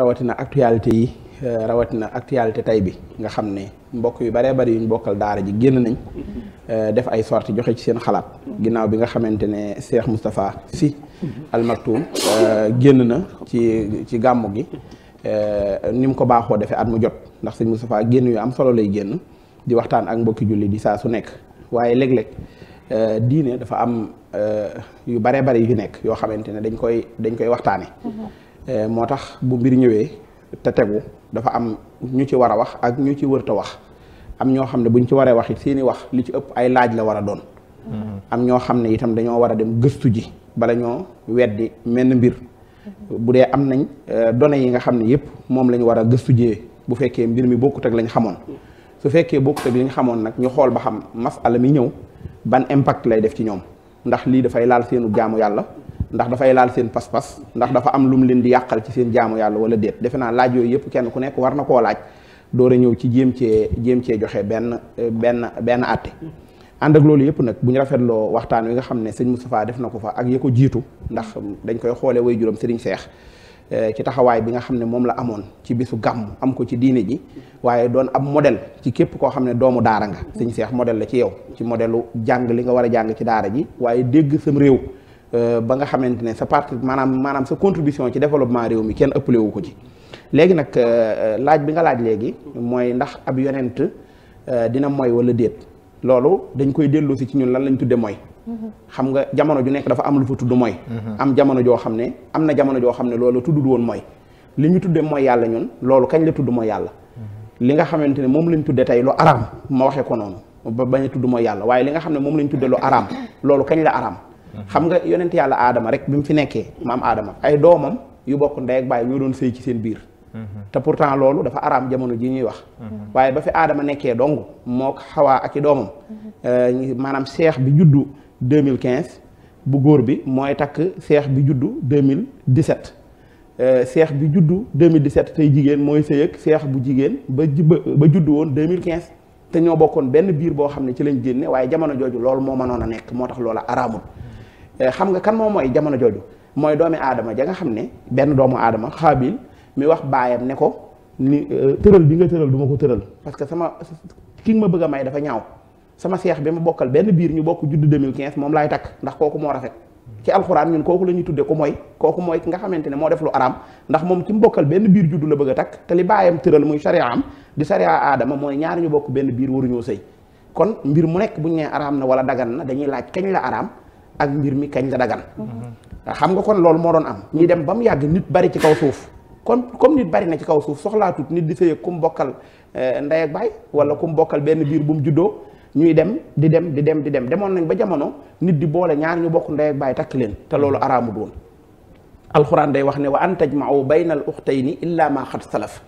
rawatina actualité yi euh, rawatina actualité tay bi nga xam ne mbokk yu baree bari yuñ bokkal daara ji génn nañ euh, def ay sorti joxe ci seen xalaat ginnaaw bi nga xamante ne Cheikh Moustapha si Al Maktoum euh, génn na ci ci gàmmu gi ni mu ko baaxoo defee at mu jot ndax sëñ Moustapha génn yu am solo lay génn di waxtaan ak mbokki julli di saa su nekk waaye léeg-léeg diine dafa am yu baree bari yu nekk yoo xamante ne dañ koy dañ koy waxtaane Eh, moo tax bu mbir ñëwee te tegu dafa am ñu ci war a wax ak ñu ci wërta wax am ñoo xam ne buñ ci waree wax it seeni wax li ci ëpp ay laaj la war a doon. Mm-hmm. am ñoo xam ne itam dañoo war a dem gëstu ji bala ñoo weddi menn mbir. Mm-hmm. bu dee am nañ eh, données yi nga xam ne yëpp moom la ñu war a gëstu jee bu fekkee mbir mi bokkut ak lañ xamoon. su fekkee bokkut ak li ñu xamoon nag ñu xool ba xam masala mi ñëw ban impact lay def ci ñoom ndax lii dafay laal seenu jaamu yàlla. ndax dafay laal seen pas-pas ndax dafa am lum leen di yàqal ci seen jaamu yàlla wala déet defe naa laaj yooyu yëpp kenn ku nekk war na koo laaj door a ñëw ci jéem cee jéem cee joxe benn benn benn àtte ànd ak loolu yëpp nag bu ñu rafetloo waxtaan wi nga ne sëñ Moustapha def na ko fa ak ya jiitu ndax dañ koy xoolee way juróom sëriñ Seex eh, ci taxawaay bi nga xam ne moom la amoon ci bisu gàmm am ko ci diine ji waaye doon ab modèle ci képp koo xam ne doomu daara nga sëñ Seex modèle la ci yow ci modelu jàng li nga war a jàng ci daara ji waaye dégg sam réew Euh, ba nga xamante ne sa parti maanaam maanaam sa contribution ci développement réew mi kenn ëppale ko ci léegi nag euh, euh, laaj bi nga laaj léegi mooy ndax ab yonent dina mooy wala déet loolu dañ koy delloo si ci ñun lan lañ tudde mooy xam nga jamono ju nekk dafa am lu fa tudd mooy mhm. am jamono joo xam ne am na jamono joo xam ne loolu tuddul woon mooy li ñu tudde mooy yàlla ñun loolu kañ la tudd mooy yàlla mhm. li nga xamante ne moom lañ tudde tey lu araam ma waxee ko noonu ba bañ tudd mooy yàlla waaye li nga xam ne moom lañ tudde lu araam kañ la araam xam nga yonent yàlla aadama rek bi mu fi nekkee maam aadama ay doomam yu bokk ndey ak baay ñoo doon sëy ci seen biir mhm. te pourtant loolu dafa araam jamono ji ñuy wax mhm. waaye ba fi aadama nekkee dong moo xawaa ak i doomam mhm. euh, maanaam seex bi juddu 2015 bu góor bi mooy takk seex bi juddu 2017 euh, seex bi juddu 2017 tey jigéen mooy sëy seex bu jigéen ba ba juddu woon 2015 te ñoo bokkoon benn biir boo xam ne ci lañ génne waaye jamono jooju loolu moo mënoon a nekk moo tax loola araamul Eh, xam nga kan moo mooy jamono jooju mooy doomi aadama ja nga xam ne benn doomu aadama xaabil mi wax baayam ne ko ni eh, tëral bi nga tëral du ma ko tëral parce que sama ki nga ma bëgg a may dafa ñaaw sama seex bi ma bokkal benn biir ñu bokk judd 2015 moom laay takk ndax kooku moo rafet ci alxuraan kooku la ñuy tudde ku mooy kooku mooy ki nga xamante ne moo def lu araam ndax moom ci mu bokkal benn biir juddu la bëgg a takk te li baayam tëral muy sariya am di sariya aadama mooy ñaari ñu bokk benn biir waruñoo sëy kon mbir mu nekk buñ nee araam na wala dagan na dañuy laaj kañ la araam ak mbir mi kañ la dagan mhm. xam nga kon loolu moo doon am ñuy dem ba mu yàgg nit bari ci kaw suuf kon comme nit bari na ci kaw suuf soxlaatut nit di sëy ku mu bokkal eh, ndey ak baay wala ku mu bokkal benn biir bu mu juddoo ñuy dem di dem di dem di dem demoon nañ ba jamono nit di boole ñaar ñu bokk ndey ak baay takk leen te loolu araamu doon alxuraan day wax ne wa an tajmau bayna al uxtayni illa ma xat salaf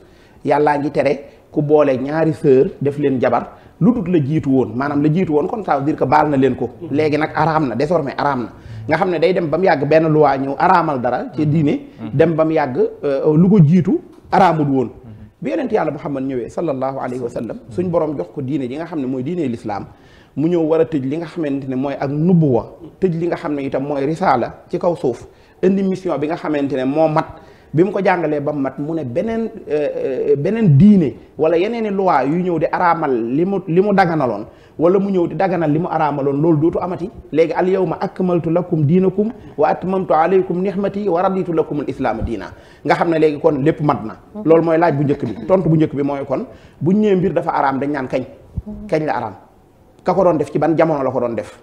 yàllaa ngi tere ku boole ñaari sœur def leen jabar lu dut la jiitu woon maanaam la jiitu woon kon ça veut dire que baal na leen ko mm-hmm. léegi nag araam na désormais araam na nga xam ne day dem ba mu yàgg benn loi ñëw araamal dara ci diine mm-hmm. dem ba mu yàgg euh, lu ko jiitu araamul woon mm-hmm. bi yonent yàlla Muhammad ñëwee sallallahu alayhi wa sallam suñ borom jox ko diine ji nga xam ne mooy diine lislaam mu ñëw war a tëj li nga xamante ne mooy ak nubuwa tëj li nga xam ne itam mooy risaala ci kaw suuf indi mission bi nga xamante ne moo mat bi mu ko jàngalee ba mu mat mu ne beneen euh, euh, beneen diine wala yeneen i loi yu ñëw di araamal li mu li mu daganaloon wala mu ñëw di daganal li mu araamaloon loolu dootu amati léegi al yawma akmaltu lakum diinakum wa atmamtu alaykum nihmati wa raditu lakum al islaama diina nga xam ne léegi kon lépp mat na loolu mooy laaj bu njëkk bi tontu bu njëkk bi mooy kon bu ñëwee mbir dafa araam dañ naan kañ kañ la araam ka ko doon def ci ban jamono la ko doon def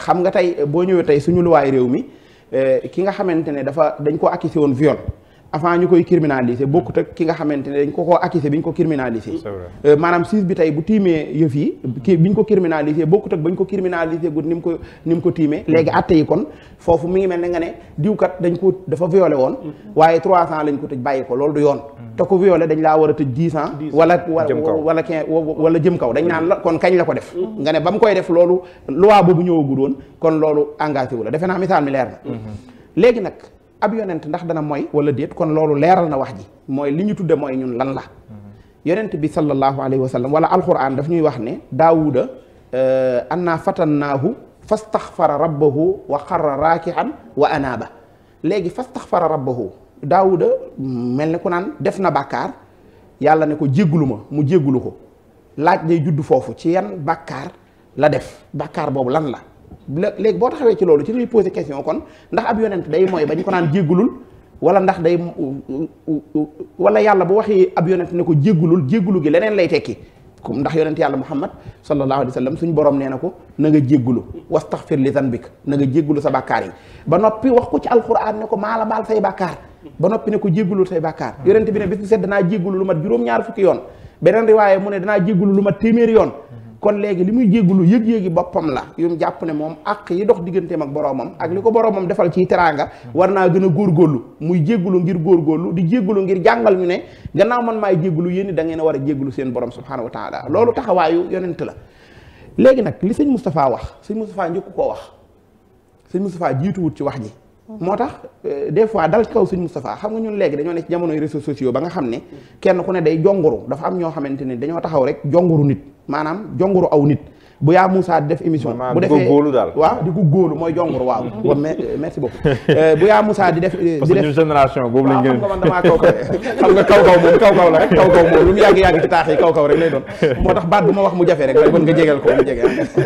xam nga tey boo ñëwee tey suñu luwaay réew mi euh, ki nga xamante ne dafa dañ ko accusé woon viol avant ñu koy criminaliser bokkut ak ki nga xamante ne dañ ko koo accuser bi ko criminaliser euh, maanaam siis bi tey bu tiimee yëf yi ki bi ñu ko criminaliser bokkut ak ba ñu ko criminaliser gut ni mu ko ni mu ko tiimee dañ ko dafa violé woon waaye trois ans lañ ko tëj bàyyi ko loolu du yoon mm. te ku violé dañ a tëj dix ans wala wala quinze wala jëm la ko def mm. nga ne ba mu koy def loolu loi boobu ñëwagul woon kon loolu engagé wu la defe naa misaal mi leer na mm-hmm. léegi nag ab yonent ndax dana mooy wala déet kon loolu leeral na wax ji mooy li ñu tudde mooy ñun lan la mm-hmm. yonent bi sallallahu alayhi wa sallam wala alquran daf ñuy wax ne daawuda euh, anna fatannaahu fastaxfara rabbahu wa xarra raakian wa anaaba léegi fastaxfara rabbahu daawuda mel ni ku naan def na bàkkaar yàlla ne ko jéggulu ma mu jéggulu ko laaj day juddu foofu ci yan bàkkaar la def bàkkaar boobu lan la léegi boo taxawee ci loolu ci lañuy posé question kon ndax ab yonent day mooy ba ñu ko naan jéggulul wala ndax day wala yàlla bu waxee ab yonent ne ko jéggulul jéggulu gi leneen lay tekki comme ndax yonent yàlla muhammad sallallahu alayhi wa sallam suñ borom nee na ko na nga jéggulu wastaghfir li zanbik na nga jéggulu sa bàkkaar yi ba noppi wax ko ci alquran ne ko maala la baal say bàkkaar ba noppi ne ko jéggulul say bàkkaar yonent bi ne bis bu danaa jéggulu lu mat juróom-ñaar fukki yoon beneen riwaaye mu ne danaa jéggulu lu mat téeméeri yoon kon léegi li muy jéggulu yëg-yéegi boppam la yum jàpp ne moom àq yi dox digganteem ak boroomam ak li ko boroomam defal ci teraanga war naa gën a góorlu muy jéggulu ngir góor góorlu di jéggulu ngir jàngal ñu ne gannaaw man maay jéggulu yéen da ngeen war a jéggulu seen borom subhaanahu wa taala loolu taxawaayu yonent la léegi nag li sëñ Moustapha wax sëñ Moustapha njëkku koo wax sëñ Moustapha jiituwut ci wax ji moo tax euh, des fois dal ci kaw sëñ Moustapha xam nga ñun léegi dañoo ne ci jamonoy réseaux sociaux ba nga xam ne kenn ku ne day jonguru dafa am ñoo xamante ne dañoo taxaw rek jonguru nit maanaam jonguru aw nit bu yaa Moussa di def émission bu defee waaw di gu góolu mooy jongur waaw kon merci beaucoup bu yaa Moussa di def parce que ñun génération boobu lañ gën man damaa kaw kaw xam nga moom kaw kaw la rek kaw kaw moom lu mu yàgg-yàgg ci taax yi kaw kaw lay doon moo tax baat bu ma wax mu jafe rek kon nga jégal ko mu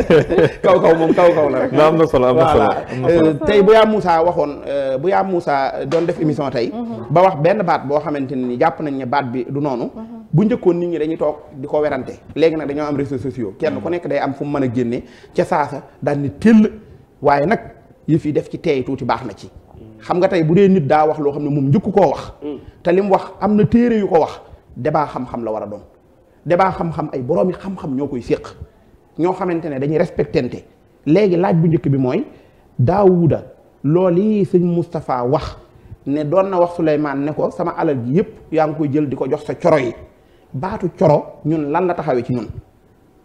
kaw kaw moom kaw kaw la rek am na solo am na solo voilà euh, tey bu yaa Moussa waxoon euh, bu yaa Moussa doon def émission tey mm-hmm. ba wax benn baat boo xamante ni jàpp nañ ne baat bi du noonu mm-hmm. bu njëkkoon nit ñi dañuy toog di ko werante léegi nag dañoo am réseaux sociaux kenn ku hmm. nekk day am fu mu mën a génne ca sa daal ni tell waaye nag yëf fi def ci teey tuuti baax na ci hmm. xam nga tey bu dee nit daa wax loo xam ne moom njëkku koo wax hmm. te li mu wax am na téere yu ko wax débat xam-xam la war a doon débat xam-xam ay boroomi xam-xam ñoo koy séq ñoo xamante ne dañuy respectante léegi laaj bu njëkk bi mooy daawuda loolu yi sëñ Moustapha wax ne doon na wax Souleymane ne ko sama alal gi yëpp yaa ngi koy jël di ko jox sa coro yi baatu coro ñun lan la taxawee ci ñun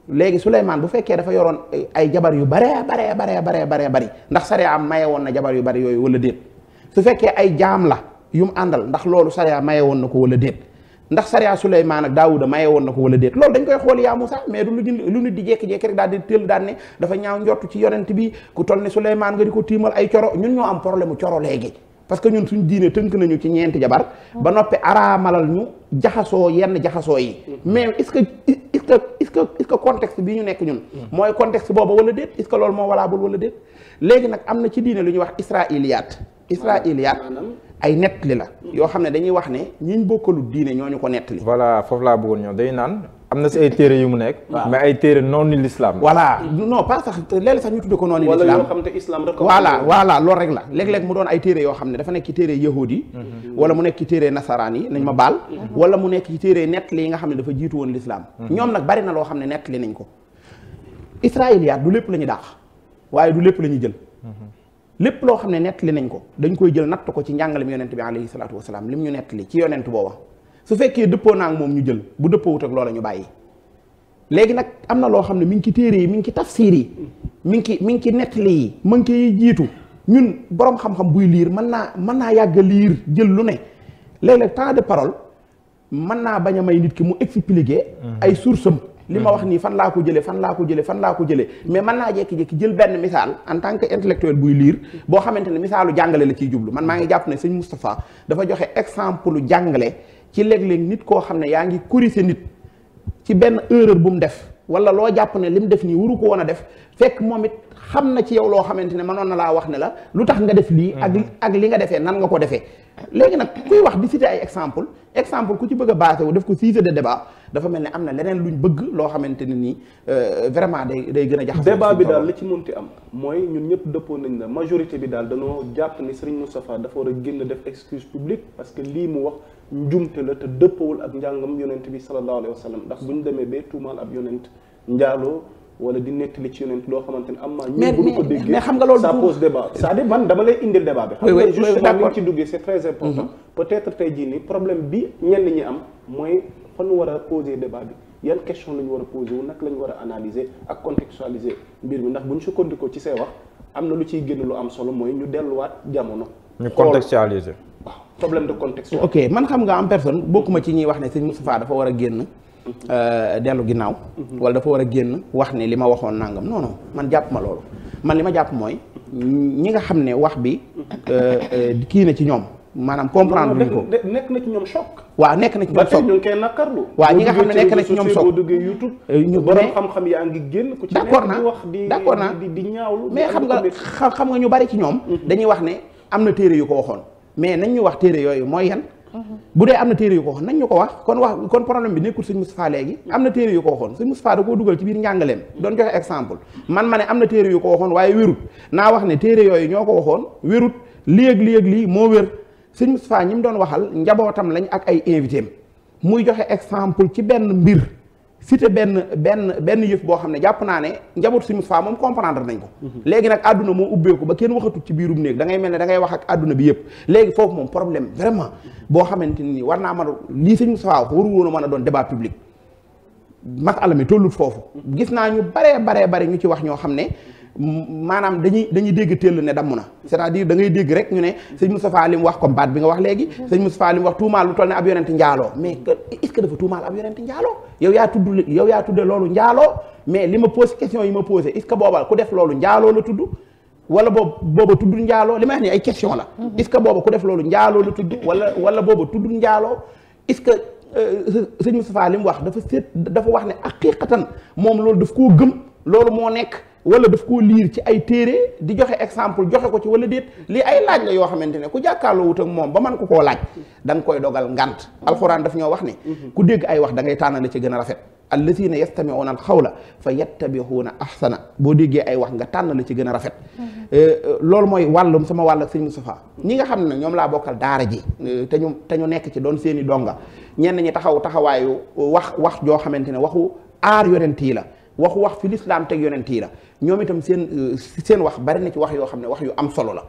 léegi Souleymane bu fekkee dafa yoroon ay jabar yu bare baree baree baree baree baree bari ndax sariya am maye woon na jabar yu bari yooyu wala déet su fekkee ay jaam la yu mu àndal ndax loolu sariya maye woon na ko wala déet ndax sariya Souleymane ak Daawuda maye woon na ko wala déet loolu dañ koy xool yaa Moussa mais du lu lu nit di jékki-jékki rek daal di tël daan ne dafa ñaaw njott ci yonent bi ku toll ne Souleymane nga di ko tiimal ay coro ñun ñoo am problème mu coro léegi parce que ñun suñu diinee tënk nañu ci ñeenti jabar ba noppi araamalal ñu jaxasoo yenn jaxasoo yi mais est-ce que est que est-ce bi ñu nekk ñun mooy context boobu wala déet est-ce que loolu moo walaabul wala déet léegi nag am na ci diine lu ñuy wax israiliyaat israiliyaat ay nettali la yoo xam ne dañuy wax ne ñiñ bokkalu diine ñu ko nettali voilà foofu laa bëggoon ñëw day naan am na si ay téere yu mu nekk. mais ay téere noonu l'islam. voilà non pas sax léeg-léeg sax ñu tuddee ko noonu. l'islam wala yoo xam te islam rek. voilà voilà loolu rek la léeg-léeg mu doon ay téere yoo xam ne dafa nekk ci téere yahuud yi. Mhm. mu nekk ci téere nasaraan mhm. yi nga xam ne dafa jiitu woon l'islam. Mhm. ñoom nag bari loo xam ne nettali nañ ko. israéliyaat du lépp la ñu daax waaye du lépp la ñu jël. lépp loo xam ne nettali nañ ko dañ koy jël natt ko ci njàngale mi yonent bi alayhi salaatu wasalaam lim ñu nettali ci yonent su fekkee dëppoo naa moom ñu jël bu dëppoowut ak loola ñu bàyyi léegi nag am na loo xam ne mi ngi ci téere yi mi ngi ci tafsiir yi mi ngi ci mi ngi ci nettali yi mën koy jiitu ñun borom xam-xam buy liir mën naa mën naa yàgg liir jël lu ne léeg-léeg temps de parole mën naa bañ a may nit ki mu expliquer mmh. ay sources am li ma mmh. wax nii fan laa ko jëlee fan laa ko jële fan laa ko jële mais mën naa jekki jékki jël benn misaal en tant que intellectuel buy liir boo xamante ne misaalu jàngale la ciy jublu man maa ngi jàpp ne sëñ Moustapha dafa joxe exemple lu jàngale ci léeg-léeg nit koo xam ne yaa ngi corriger nit ci benn erreur bu mu def wala loo jàpp ne li mu def nii waru ko woon a def fekk moom it xam na ci yow loo xamante ne mënoon na laa wax ne la lu tax nga def lii. ak mhm. ak li nga defee nan nga ko defee. léegi nag kuy wax di citer ay exemple exemple ku ci bëgg a wu def ko sujet de débat dafa mel am na leneen luñ bëgg loo xamante ne nii euh, vraiment day day gën a jaxasoo. débat bi daal li ci mënti am mooy ñun ñëpp dëppoo nañ la majorité bi daal danoo jàpp ni Serigne Moustapha dafa war a génn def excuse publique parce que lii mu wax. njumte la te dëppawul ak njàngam yonent bi sallallahu alayhi wa sallam ndax bu ñu demee bee tuumaal ab yonent njaaloo wala di nettali ci yonent loo xamante ni am na ñu bu ñu ko xam nga loolu ça pose débat c'est-à-dire man dama lay indil débat bi xam nga justement li ñu ci mhm. problème bi ñenn ñi am mooy fan war a poser débat bi yan question la ñu war a posé wu nag la ñu war a analyser mbir mi ndax bu ñu sukkandikoo ci say wax am na lu ciy génn lu am solo mooy ñu delluwaat jamono. ñu contextualiser problème de contexte. ok man xam nga am person personne bokkuma ci ñuy wax ne sëñ Moustapha dafa war a génn. Euh, dellu ginnaaw. Mhm. wala dafa war a génn wax ne li ma waxoon nangam noonu man jàpp ma loolu man li ma jàpp mooy ñi nga xam ne wax bi mhm. euh, euh, kii na ci ñoom. maanaam comprendre luñ ko nekk na ñoom choc. waaw nekk na ci ñoom choc ñu waa ñi nga xam nekk na ci ñoom choc boo duggee YouTube ñu xam-xam yaa ngi génn. ku ci nekk di wax di d'accord naa di ñaawlu. mais xam nga xam nga ñu bari ci ñoom. Mhm. dañuy wax ne am na téere yu ko waxoon. mais nañ ñu wax téere yooyu mooy yan bu dee am na téere yu ko waxoon nañ ñu ko wax kon wax kon problème bi nekkul sëñ Moustapha léegi am na téere yu ko waxoon sëñ Moustapha da koo dugal ci biir njàngaleem doon joxe exemple man ma ne am na téere yu ko waxoon waaye wérut naa wax ne téere yooyu ñoo ko waxoon wérut léeg-léeg lii moo wér sëñ Moustapha ñi mu doon waxal njabootam lañ ak ay invité muy joxe exemple ci benn mbir cité benn benn benn yëf boo xam ne jàpp naa ne njaboot suñu faa moom comprendre nañ ko mhm. léegi nag àdduna moo ubbeeku ba kenn waxatut ci biirum néeg da ngay mel ne da ngay wax ak àdduna bi yëpp léegi foofu moom problème vraiment boo xamante ni war naa mën a lii suñu faa waru woon a mën a doon débat public masala mi tollut foofu gis naa ñu baree baree bare ñu ci wax ñoo xam ne maanaam dañuy dañuy dégg téll ne damm na c'est-à-dire da ngay dégg rek ñu ne sëñ Moustapha li mu wax ko baat bi nga wax léegi sëñ Moustapha li wax tuumaal lu toll ne ab yonent njaaloo mais est-ce que dafa tuumaal ab yonent njaaloo yaa tudd yow yaa mais li ma posé question yi ma posé est-ce que booba ku def loolu njaaloo wala boobu booba tudd njaaloo li may wax ne ay question la mhm. est-ce que la tudd wala wala booba tudd njaaloo est-ce que euh, sëñ Moustapha li mu wax dafa seet dafa wax ne aqiqatan moom loolu daf koo gëm loolu moo nekk wala daf koo liir ci ay téere di joxe exemple joxe ko ci wala déet lii ay laaj la yoo xamante ne ku jàkkaarloo wut ak moom ba man ko koo laaj da koy dogal ngant alxuraan daf ñoo wax ne mhm. ku dégg ay wax da ngay tànn la ci gën a rafet allazina yastami'una alxawla fa yattabi'una ahsana boo déggee ay wax nga tànn la ci gën a rafet mhm. euh, euh, loolu mooy wàllum sama wàll ak sëñ ñi nga xam ne ñoom laa bokkal daara ji euh, te ñu te ñu nekk ci doon seeni donga ñenn ñi taxaw taxawaayu wax wax joo xamante ne waxu aar yonent yi la wax wax fi lislaam teg yonent yi la ñoom itam seen euh, seen wax bari na ci wax yoo xam ne wax yu am solo la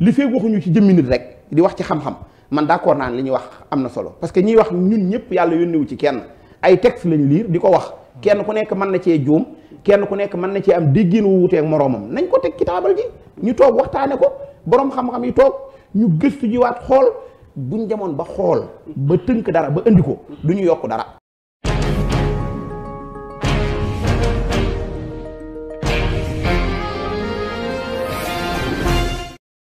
li feeg waxuñu ci jëmmi nit rek di wax ci xam-xam man d'accord naan li ñuy wax am na solo parce que ñiy wax ñun ñëpp yàlla yónniwu ci kenn ay texte lañu liir di ko wax kenn ku nekk mën na cee juum kenn ku nekk mën na cee am déggin wu wuteeg moroomam nañ ko teg ci taabal ji ñu toog waxtaane ko boroom xam-xam yi toog ñu gëstu jiwaat xool buñ demoon ba xool ba tënk dara ba indi ko du ñu yokk dara